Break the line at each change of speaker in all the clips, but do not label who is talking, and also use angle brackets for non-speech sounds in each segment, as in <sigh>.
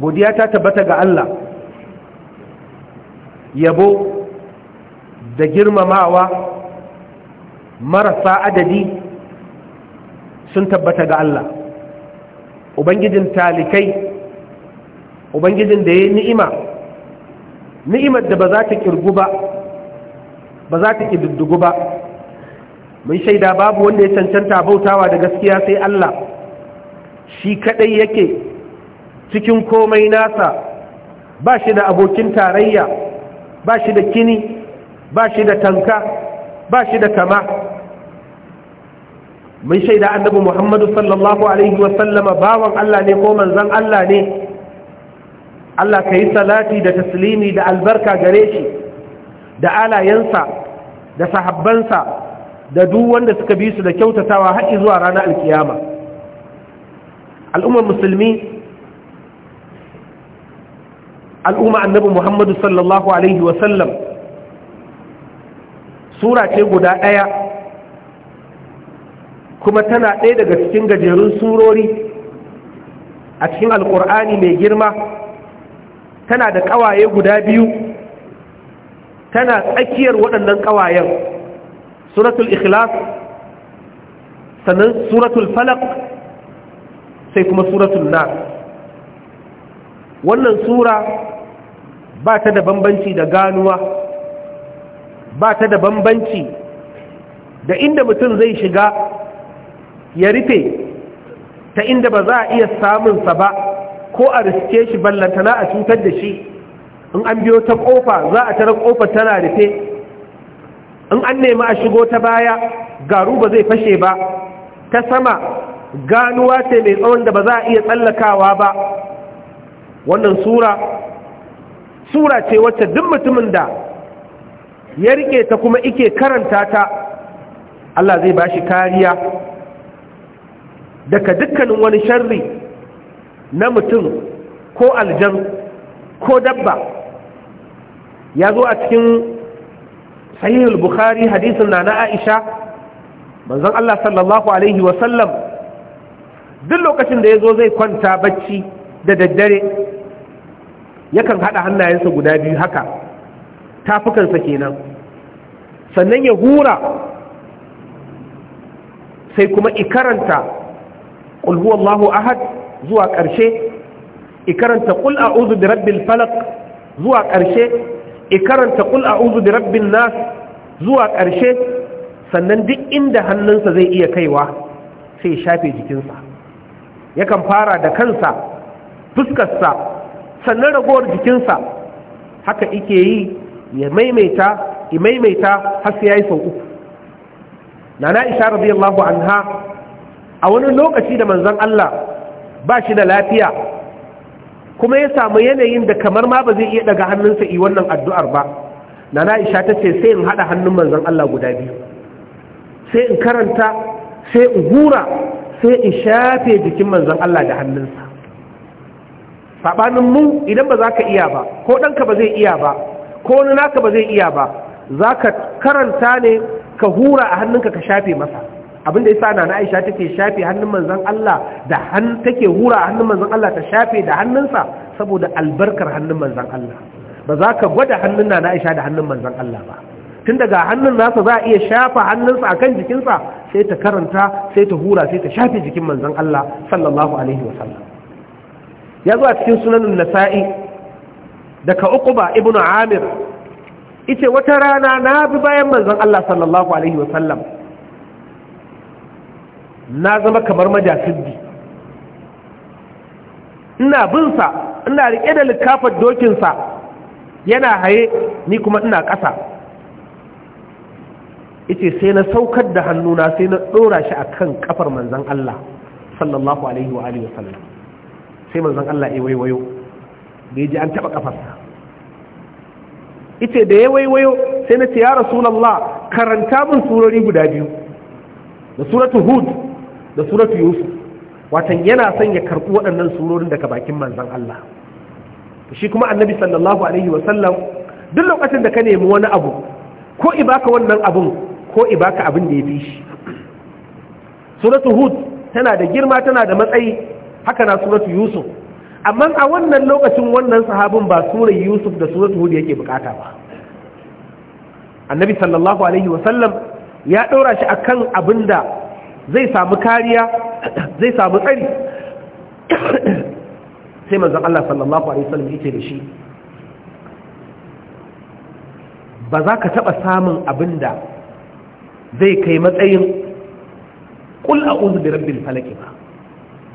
godiya ta tabbata ga Allah yabo da girmamawa marasa adadi sun tabbata ga Allah ubangijin talikai ubangijin da ya yi ni'ima ni'imar da ba za ta kirgu ba ba za ta kididdugu ba mun shaida babu wanda ya cancanta bautawa da gaskiya sai Allah shi kadai yake cikin komai nasa ba shi da abokin tarayya ba shi da kini ba shi da tanka ba shi da kama mun shaida annabi muhammadu sallallahu alaihi wasallama bawan Allah ne ko manzan Allah ne Allah ka yi salati da taslimi da albarka gare shi da alayensa da sahabbansa da duk wanda suka bi su da kyautatawa har zuwa ranar alkiyama al'ummar musulmi al'umma annabi muhammadu sallallahu alaihi sallam sura ce guda ɗaya kuma tana ɗaya daga cikin gajerun surori a cikin alkur'ani mai girma tana da ƙawaye guda biyu tana tsakiyar waɗannan ƙawayen suratul ikhlas sannan suratul falak sai kuma suratul nas wannan sura ba ta da bambanci da ganuwa ba ta da bambanci da inda mutum zai shiga ya rufe ta inda ba za a iya samunsa ba ko a riske shi ballantana a cutar da shi in an biyo ta kofa za a tara kofa tana rufe in an nemi a shigo ta baya garu ba zai fashe ba ta sama ganuwa ce mai tsawon da ba za a iya tsallakawa ba wannan sura sura ce wacce duk mutumin da ya rike ta kuma ike karanta ta Allah zai bashi kariya daga dukkanin wani sharri na mutum ko aljan ko dabba ya zo a cikin sahihul bukhari hadisin na na aisha manzon Allah sallallahu alaihi wasallam duk lokacin da ya zo zai kwanta bacci da daddare yakan haɗa hannayensa guda biyu haka tafukansa kenan sannan ya hura sai kuma ikaranta ƙulhu Allahu ahad zuwa ƙarshe ikaranta ƙul a uzu da rabbin falak zuwa ƙarshe ikaranta ƙul a uzu da rabbin nas zuwa ƙarshe sannan duk inda hannunsa zai iya kaiwa sai ya shafe jikinsa yakan fara da kansa fuskarsa sannan ragowar jikinsa haka ike yi ya maimaita ya maimaita har sai yi sau uku Na'aisha isha radiyallahu anha a wani lokaci da manzan Allah ba shi da lafiya kuma ya samu yanayin da kamar ma ba zai iya daga hannunsa yi wannan addu'ar ba na isha ta ce sai in haɗa hannun manzan Allah guda biyu sai in karanta sai in hura sai in shafe jikin manzan Allah da hannunsa saɓanin mu idan ba za ka iya ba ko ɗanka ba zai iya ba ko wani naka ba zai iya ba za ka karanta ne ka hura a hannunka ka shafe masa abinda isa na aisha take shafe hannun manzan Allah da han take hura a hannun manzan Allah ta shafe da hannunsa saboda albarkar hannun manzan Allah ba za ka gwada hannun na aisha da hannun manzan Allah ba tun daga hannun nasa za a iya shafa hannunsa akan jikinsa sai ta karanta sai ta hura sai ta shafe jikin manzan Allah sallallahu alaihi wasallam ya zuwa cikin sunanin nasa'i daga ba Ibn amir ita wata rana na bi bayan manzon Allah sallallahu alaihi wasallam na zama kamar majasiddi ina binsa ina riƙe da likafar dokinsa yana haye ni kuma ina ƙasa ita sai na saukar da hannuna sai na ɗora shi a kan ƙafar manzan Allah sallallahu alaihi wa sai manzon Allah ya waiwayo da ya ji an taɓa ƙafarsa ita da ya waiwayo sai na ce ya rasulallah karanta min surori guda biyu da suratu hud da suratu yusuf watan yana son ya karɓi waɗannan surorin daga bakin manzon Allah shi kuma annabi sallallahu alaihi wa sallam, duk lokacin da ka nemi wani abu ko baka wannan abun ko ibaka abin da ya fi shi suratu hud tana da girma tana da matsayi haka na suratu yusuf amma a wannan lokacin wannan sahabin ba surar yusuf da suratu hudu yake bukata ba annabi sallallahu alaihi wasallam ya ɗora shi akan abin da zai samu kariya <coughs> zai samu tsari <coughs> sai manzan Allah sallallahu alaihi wasallam yake da shi ba za ka taɓa samun abin da zai kai matsayin ƙul a uzu da rabbin ba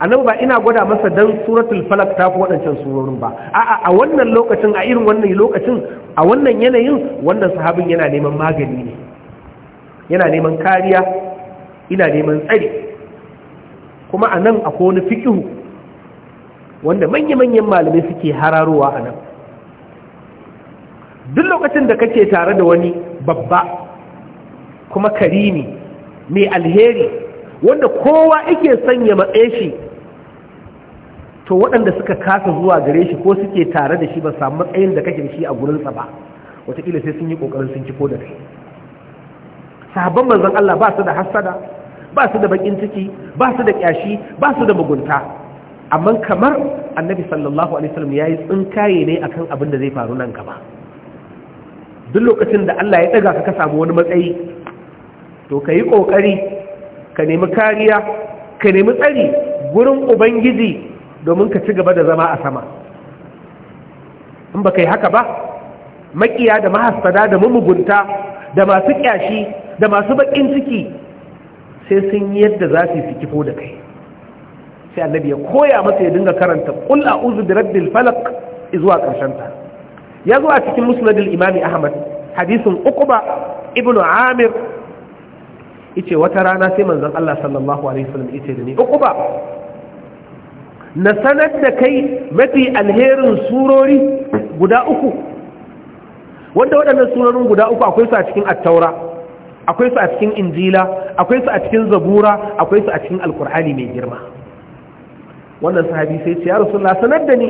annabi ba ina gwada masa dan suratul falak ta ku waɗancan surorin ba a'a a wannan lokacin a irin wannan lokacin a wannan yanayin wannan sahabin yana neman magani ne yana neman kariya ina neman tsari kuma a nan akwai wani fikihu wanda manya-manyan malamai suke hararowa a nan duk lokacin da kake tare da wani babba kuma karimi mai alheri wanda kowa yake son ya matse shi to waɗanda suka kasa zuwa gare shi ko suke tare da shi ba samu matsayin da kake da shi a gurinsa ba wataƙila sai sun yi ƙoƙarin sun ci ko da kai Sabon manzon Allah ba su da hassada ba su da bakin ciki ba su da kyashi ba su da mugunta amma kamar annabi sallallahu alaihi wasallam yayi tsinkaye ne akan abin da zai faru nan gaba duk lokacin da Allah ya daga ka ka samu wani matsayi to kai kokari ka nemi kariya ka nemi tsari gurin ubangiji domin ka ci gaba da zama a sama in ba ka yi haka ba makiya da mahastada da mamugunta da masu kyashi da masu bakin ciki sai sun yi yadda za su yi kifo da kai sai annabi ya koya masa ya dinga karanta qul uzu da rabbil falak zuwa karshen ya zo a cikin musnadil imami ahmad hadisin ukuba ibnu amir Ice wata rana sai manzon Allah sallallahu alaihi wasallam yace da ni uquba na sanar da kai mafi alherin surori guda uku wanda waɗannan surorin guda uku akwai su a cikin attaura akwai su a cikin injila akwai su a cikin zabura akwai su a cikin alkur'ani mai girma wannan sahabi sai ce ya rasulullah sanar da ni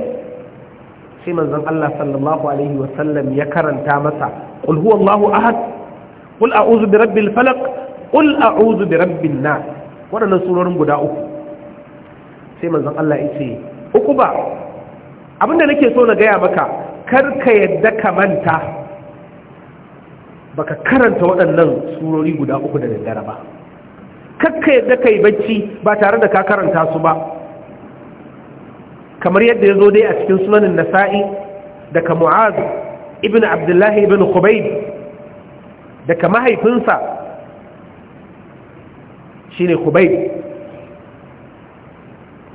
sai manzon Allah sallallahu alaihi wasallam ya karanta masa qul huwallahu ahad qul a'udhu birabbil falaq a a'udhu bi rabbin nas waɗannan surorin guda uku sai manzon Allah ya ce uku ba abinda nake so na gaya baka, kar ka yadda ka manta baka karanta waɗannan surori guda uku da daddare ba kar ka yadda kai bacci ba tare da ka karanta su ba kamar yadda ya zo dai a cikin sunanin nasa'i daga mu'az ibn abdullahi ibn khubayb daga mahaifinsa shine kubai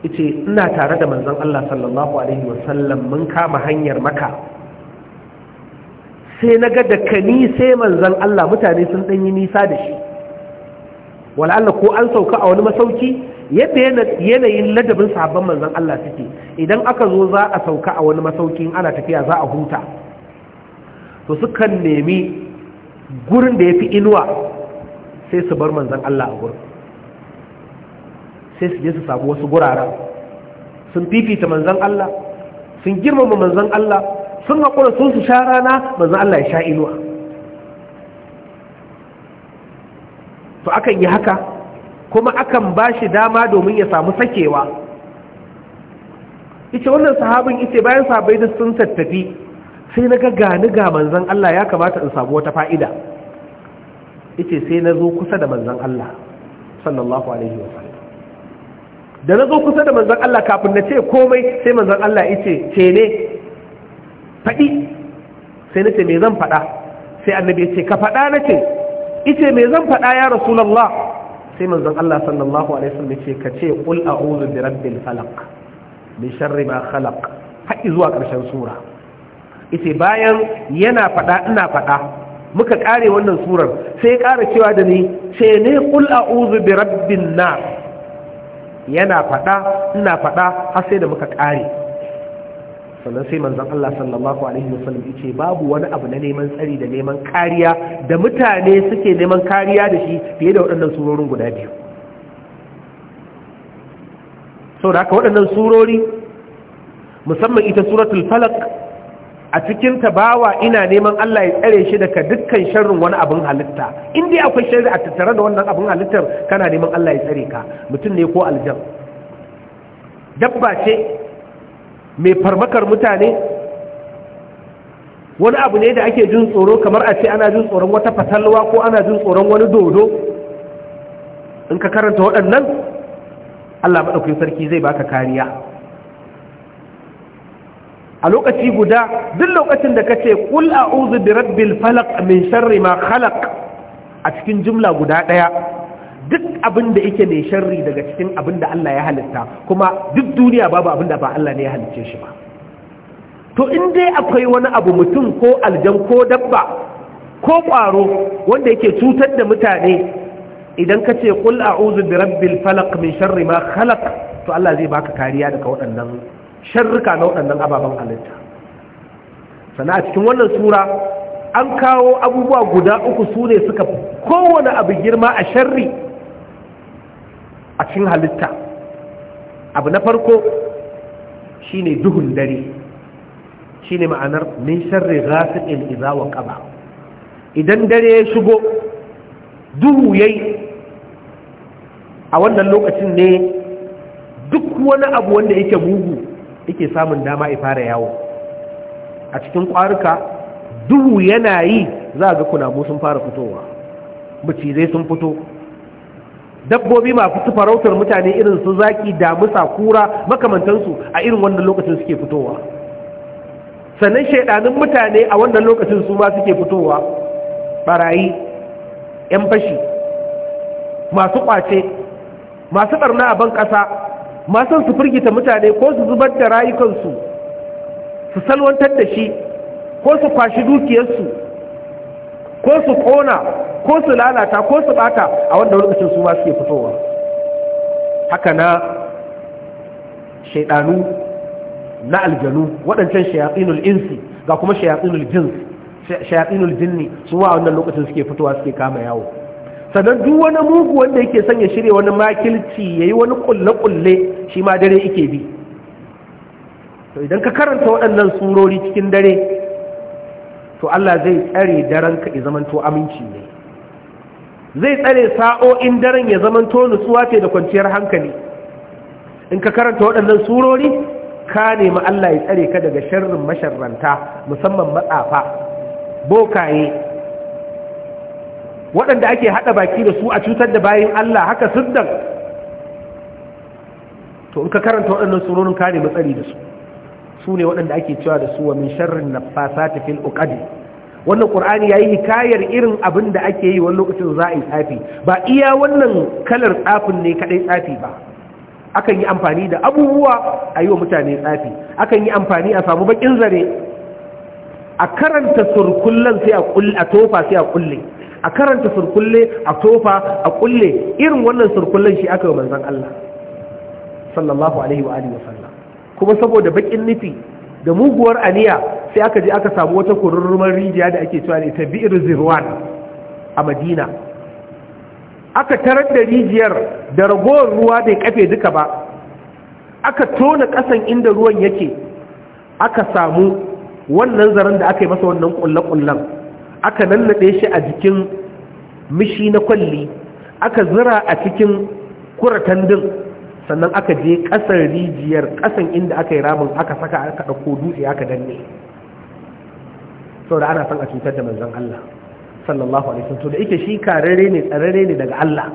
ita ina tare da manzon Allah sallallahu alaihi wasallam mun kama hanyar maka sai naga da kani sai manzon Allah mutane sun danyi nisa da shi wala'alla ko an sauka a wani masauki yadda yanayin ladabin sahabban manzon Allah suke idan aka zo za a sauka a wani masauki ana tafiya za a huta to sukan nemi gurin da ya fi inuwa sai su bar manzon Allah a gurin sai su je su samu wasu guraren sun fifita manzan Allah sun girmama manzan Allah sun haƙura sun su sha rana manzan Allah ya sha inuwa to akan yi haka kuma akan ba shi dama domin ya samu sakewa ita wannan sahabin ita bayan sahabai da sun tattafi sai na gani ga manzan Allah ya kamata in samu wata fa'ida ita sai na zo kusa da manzan Allah sallallahu alaihi wasallam da na zo kusa da manzan Allah kafin na ce komai sai manzan Allah ya ce ce ne faɗi sai na ce me zan faɗa sai annabi ya ce ka faɗa na ce ice me zan faɗa ya rasulallah sai manzan Allah sallallahu alaihi wasallam ya ce ka ce qul a'udhu bi rabbil falaq min sharri ma khalaq haƙi zuwa ƙarshen sura ita bayan yana faɗa ina faɗa muka ƙare wannan surar sai ya ƙara cewa da ni ce ne qul a'udhu bi rabbin nas yana faɗa ina faɗa har sai da muka ƙare sannan sai manzon Allah sallallahu alaihi wasallam yace babu wani abu na neman tsari da neman kariya da mutane suke neman kariya da shi fiye da waɗannan surorin guda biyu saboda haka waɗannan surori musamman ita suratul falaq a cikin tabawa ina neman Allah ya tsare shi daga dukkan sharrin wani abin halitta in dai akwai sharri a tattare da wannan abin halittar kana neman Allah ya tsare ka mutum ne ko aljan dabba ce mai farmakar mutane wani abu ne da ake jin tsoro kamar a ce ana jin tsoron wata fatalwa ko ana jin tsoron wani dodo in ka karanta waɗannan Allah maɗaukin sarki zai baka kariya a lokaci guda duk lokacin da kace a, a'udhu bi rabbil falaq min sharri ma khalaq a cikin jumla guda daya duk abin da yake ne sharri daga cikin abin da Allah ya halitta kuma duk duniya babu abin da ba Allah ne ya halicce shi ba to in dai akwai wani abu mutum ko aljan ko dabba ko ƙwaro wanda yake cutar da mutane idan ka ce kul a'udhu bi rabbil falaq min sharri ma khalaq to Allah zai baka kariya daga waɗannan sharrika na waɗannan ababen halitta sana a cikin wannan sura an kawo abubuwa guda uku su ne suka kowane abu girma a sharri a cikin halitta abu na farko shi ne duhun dare shi ne ma'anar min sharri ɗin idza ƙaba. idan dare ya shigo duhu yayi a wannan lokacin ne duk wani abu wanda yake mugu yake samun dama ya fara yawo a cikin kwaruka, duhu yana yi za a ga kunamu sun fara fitowa macizai sun fito dabbobi ma fito farautar mutane irin su zaki damusa kura makamantansu a irin wannan lokacin suke fitowa sannan shaidanin mutane a wannan lokacin su ma suke fitowa barayi yan fashi masu kwace masu barna a ban ƙasa. masan su firgita mutane ko su zubar da rayukansu su salwantar da shi ko su kwashi dukiyarsu ko su kona ko su lalata ko su bata a wanda lokacin su ma suke fitowa haka na shaidanu na aljanu waɗancan shayatsinul insi ga kuma shayatsinul jins shayatsinul jinni su wa wannan lokacin suke fitowa suke kama yawo sannan duk wani mugu wanda yake son ya shirya wani makilci ya yi wani kulle-kulle shi ma dare ike bi to idan ka karanta waɗannan surori cikin dare to Allah zai tsare daren ka zamanto aminci ne zai tsare sa'o'in daren ya zamanto nutsuwa ce da kwanciyar hankali in ka karanta waɗannan surori ka nemi Allah ya tsare ka daga sharrin masharranta musamman matsafa bokaye waɗanda ake haɗa baki da su a cutar da bayan Allah haka suddan. to in ka karanta waɗannan surorin kare nemi da su su ne waɗanda ake cewa da su wa min sharrin nafasati fil uqadi wannan qur'ani yayi hikayar irin abin da ake yi wani lokacin za a yi tsafi ba iya wannan kalar tsafin ne kadai tsafi ba akan yi amfani da abubuwa a yi wa mutane tsafi akan yi amfani a samu bakin zare a karanta surkullen sai a tofa sai a kulle a karanta surkulle a tofa a kulle irin wannan surkullen shi aka yi manzon Allah sallallahu alaihi wa alihi wasallam kuma saboda bakin nufi da muguwar aniya sai aka je aka samu wata kururrumar rijiya da ake cewa ne ta bi'ir zirwan a madina aka tarar da rijiyar da ragowar ruwa bai kafe duka ba aka tona kasan inda ruwan yake aka samu wannan zaren da aka yi masa wannan kullakullan aka nannade shi a jikin mishi na kwalli aka zira a cikin kuratan kuratandin sannan aka je ƙasar rijiyar ƙasan inda aka yi ramin aka saka aka ɗauko dutse aka danne saboda ana son a cutar da manzon Allah sallallahu alaihi wasallam to da yake shi karare ne tsarare ne daga Allah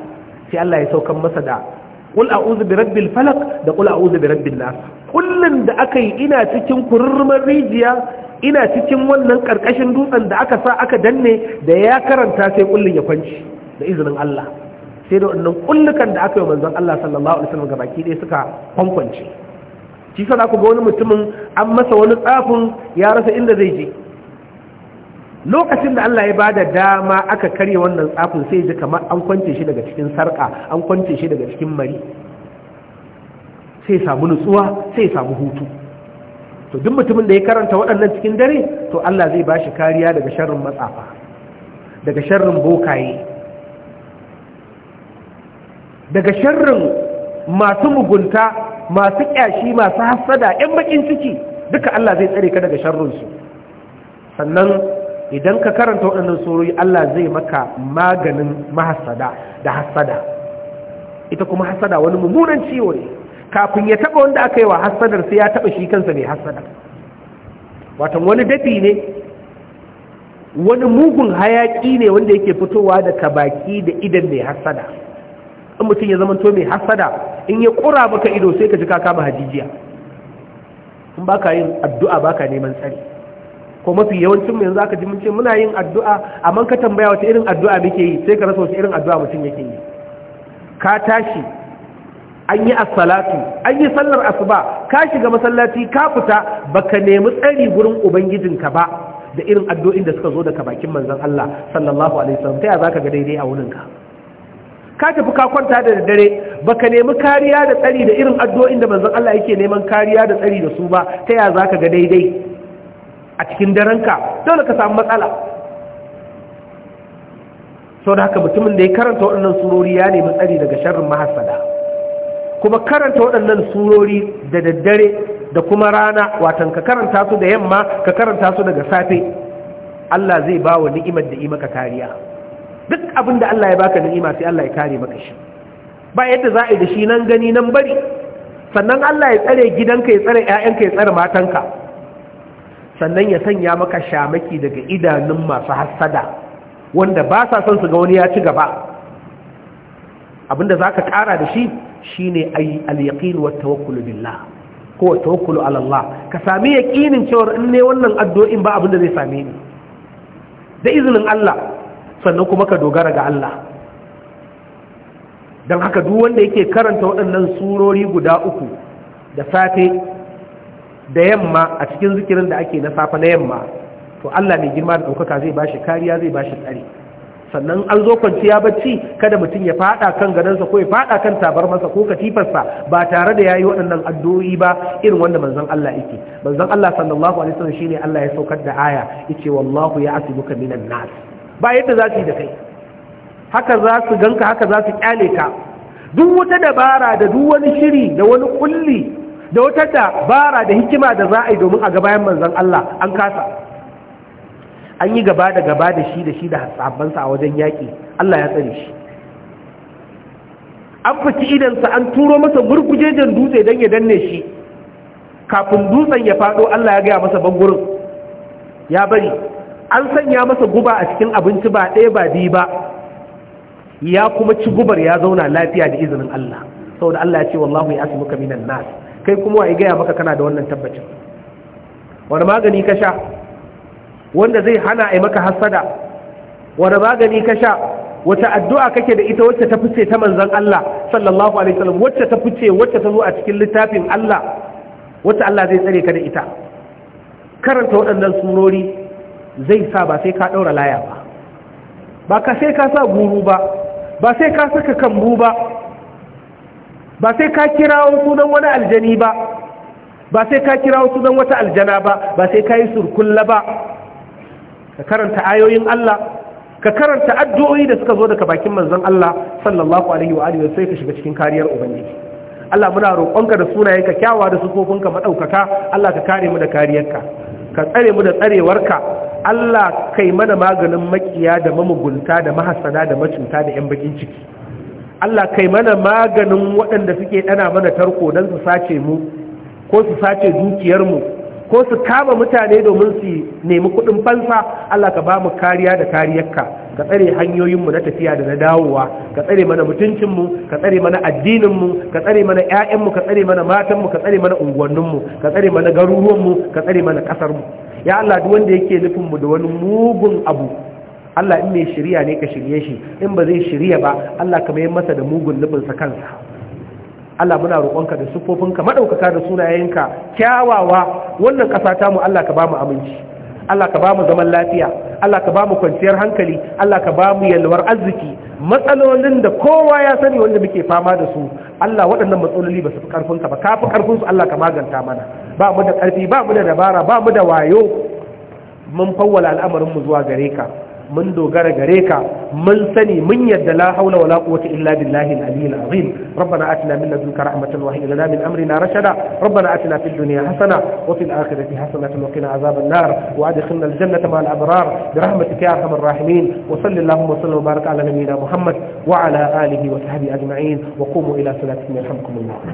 sai Allah ya saukan masa da qul a'udhu bi rabbil falaq da qul a'udhu bi rabbin nas kullun da aka yi ina cikin kururmar rijiya ina cikin wannan karkashin dutsen da aka sa aka danne da ya karanta sai kullun ya kwanci da izinin Allah sai da wannan kullukan da aka yi manzon Allah sallallahu alaihi wasallam gabaki ɗaya suka kwankwance shi sa ku ga wani mutumin an masa wani tsafin ya rasa inda zai je lokacin da Allah ya bada dama aka karye wannan tsafin sai ji kamar an kwance shi daga cikin sarƙa an kwance shi daga cikin mari sai samu nutsuwa sai samu hutu to duk mutumin da ya karanta waɗannan cikin dare to Allah zai ba shi kariya daga sharrin matsafa daga sharrin bokaye daga sharrin masu mugunta masu ƙyashi masu hasada 'yan bakin ciki duka Allah zai tsare ka daga sharrinsu sannan idan ka karanta waɗannan surori Allah zai maka maganin mahasada da hasada ita kuma hasada wani mummunan ciwo ne kafin ya taɓa wanda aka yi wa hasadar sai ya taɓa shi kansa mai hasada watan wani dafi ne wani mugun hayaƙi ne wanda yake fitowa daga baki da idan mai hasada in mutum ya zamanto mai hasada in ya kura maka ido sai ka ji ka kama hajijiya in ba ka yin addu'a ba ka neman tsari ko mafi yawancin mu yanzu aka ji mun ce muna yin addu'a amma ka tambaya wata irin addu'a muke yi sai ka rasa wata irin addu'a mutum yake yi ka tashi an yi assalatu an yi sallar asuba ka shiga masallaci ka fita baka nemi tsari gurin ka ba da irin addu'o'in da suka zo daga bakin manzon Allah sallallahu alaihi wasallam ta ya zaka ga daidai a wurinka ka tafi ka kwanta da dare baka nemi kariya da tsari da irin addu'o'in da manzon Allah yake neman kariya da tsari da su ba ta ya zaka ga daidai a cikin darenka dole ka samu matsala sau da haka mutumin da ya karanta waɗannan surori ya nemi tsari daga sharrin mahassada, kuma karanta waɗannan surori da daddare da kuma rana watan ka karanta su da yamma ka karanta su daga safe Allah zai ba wa ni'imar da yi maka kariya duk abin da Allah ya baka ni'ima sai Allah ya kare maka shi ba yadda za a yi da shi nan gani nan bari sannan Allah ya tsare gidanka ya tsare ƴaƴanka ya tsare matanka sannan ya sanya maka shamaki daga idanun masu hassada wanda ba sa son su ga wani ya ci gaba abinda zaka kara da shi shine ay al-yaqin wa tawakkul billah ko tawakkulu ala Allah ka sami yaqinin cewa in ne wannan addu'o'in ba abinda zai same ni da izinin Allah sannan kuma ka dogara ga Allah don haka duk wanda yake karanta waɗannan surori guda uku da safe da yamma a cikin zikirin da ake na safe na yamma to Allah mai girma da ɗaukaka zai ba shi kariya zai ba shi tsari sannan an zo kwanciya bacci kada mutum ya fada kan gadonsa ko ya fada kan tabarmasa ko katifarsa ba tare da yayi waɗannan addu'o'i ba irin wanda manzon Allah yake manzon Allah sallallahu alaihi wasallam shine Allah ya saukar da aya yace wallahu ya'tibuka minan nas ba yadda za su yi da kai haka za su ganka haka za su kyale ka duk wata dabara da duk wani shiri da wani kulli da wata dabara da hikima da za a yi domin a gabayan manzan Allah an kasa an yi gaba da gaba da shi da shi da sabansa a wajen yaƙi Allah ya tsare shi an fici idansa an turo masa gurgujejen dutse don ya danne shi kafin dutsen ya faɗo Allah ya gaya masa bangurin ya bari an sanya masa guba a cikin abinci ba ɗaya ba biyu ba ya kuma ci gubar ya zauna lafiya da izinin Allah saboda Allah ya ce wallahu ya asmuka minan nas kai kuma wa gaya maka kana da wannan tabbacin wani magani ka sha wanda zai hana a maka hasada wani magani ka sha wata addu'a kake da ita wacce ta fice ta manzon Allah sallallahu alaihi wasallam wacce ta fice wacce ta zo a cikin littafin Allah wacce Allah zai tsare ka da ita karanta waɗannan surori zai sa ba sai ka ɗaura laya ba ba ka sai ka sa guru ba ba sai ka saka kambu ba ba sai ka kirawo sunan wani aljani ba ba sai ka kirawo sunan wata aljana ba ba sai ka yi surkulla ba ka karanta ayoyin Allah ka karanta addu'o'i da suka zo daga bakin manzon Allah sallallahu alaihi wa alihi sai ka shiga cikin kariyar ubangiji Allah muna roƙonka da ka kyawawa da sufofinka madaukaka Allah ka kare mu da kariyarka ka tsare mu da tsarewarka Allah kai mana maganin makiya da mamugunta da mahasana da macuta da 'yan bakin ciki Allah kai mana maganin waɗanda suke ɗana mana tarko don su sace mu ko su sace dukiyarmu ko su kama mutane domin su nemi kuɗin fansa Allah ka ba mu kariya da kariyarka ka tsare hanyoyinmu na tafiya da na dawowa ka tsare mana mutuncinmu ka tsare mana addininmu ka tsare mana 'ya'yanmu ka tsare mana matanmu ka tsare mana unguwanninmu ka tsare mana garuruwanmu ka tsare mana ƙasarmu ya Allah duk wanda yake nufin mu da wani mugun abu Allah in mai shirya ne ka shirye shi in ba zai shari'a ba Allah kama yin masa da mugun nufin sa kansa Allah muna roƙonka da sufofinka madaukaka da sunayenka kyawawa wannan ƙasa ta mu Allah ka ba mu aminci Allah ka ba mu zaman lafiya Allah ka ba mu kwanciyar hankali Allah ka ba mu yalwar arziki matsalolin da kowa ya sani wanda muke fama da su Allah waɗannan matsaloli ba su fi ƙarfinka ba ka fi ƙarfinsu Allah ka maganta mana ba mu da ƙarfi ba mu da dabara ba mu da wayo mun fawwala al'amarinmu zuwa gare ka mun dogara gare ka mun sani mun yadda la haula wala quwwata illa billahi al-aliyyil azim rabbana atina min ladunka rahmatan wa hayyi lana min amrina rashada rabbana atina fid dunya hasana wa fil akhirati hasanatan wa qina azaban nar wa adkhilna al-jannata ma'al abrar bi rahmatika ya arhamar rahimin wa sallallahu wa sallam wa baraka ala nabiyyina muhammad wa ala alihi wa sahbihi ajma'in wa qumu ila salatikum yarhamkumullah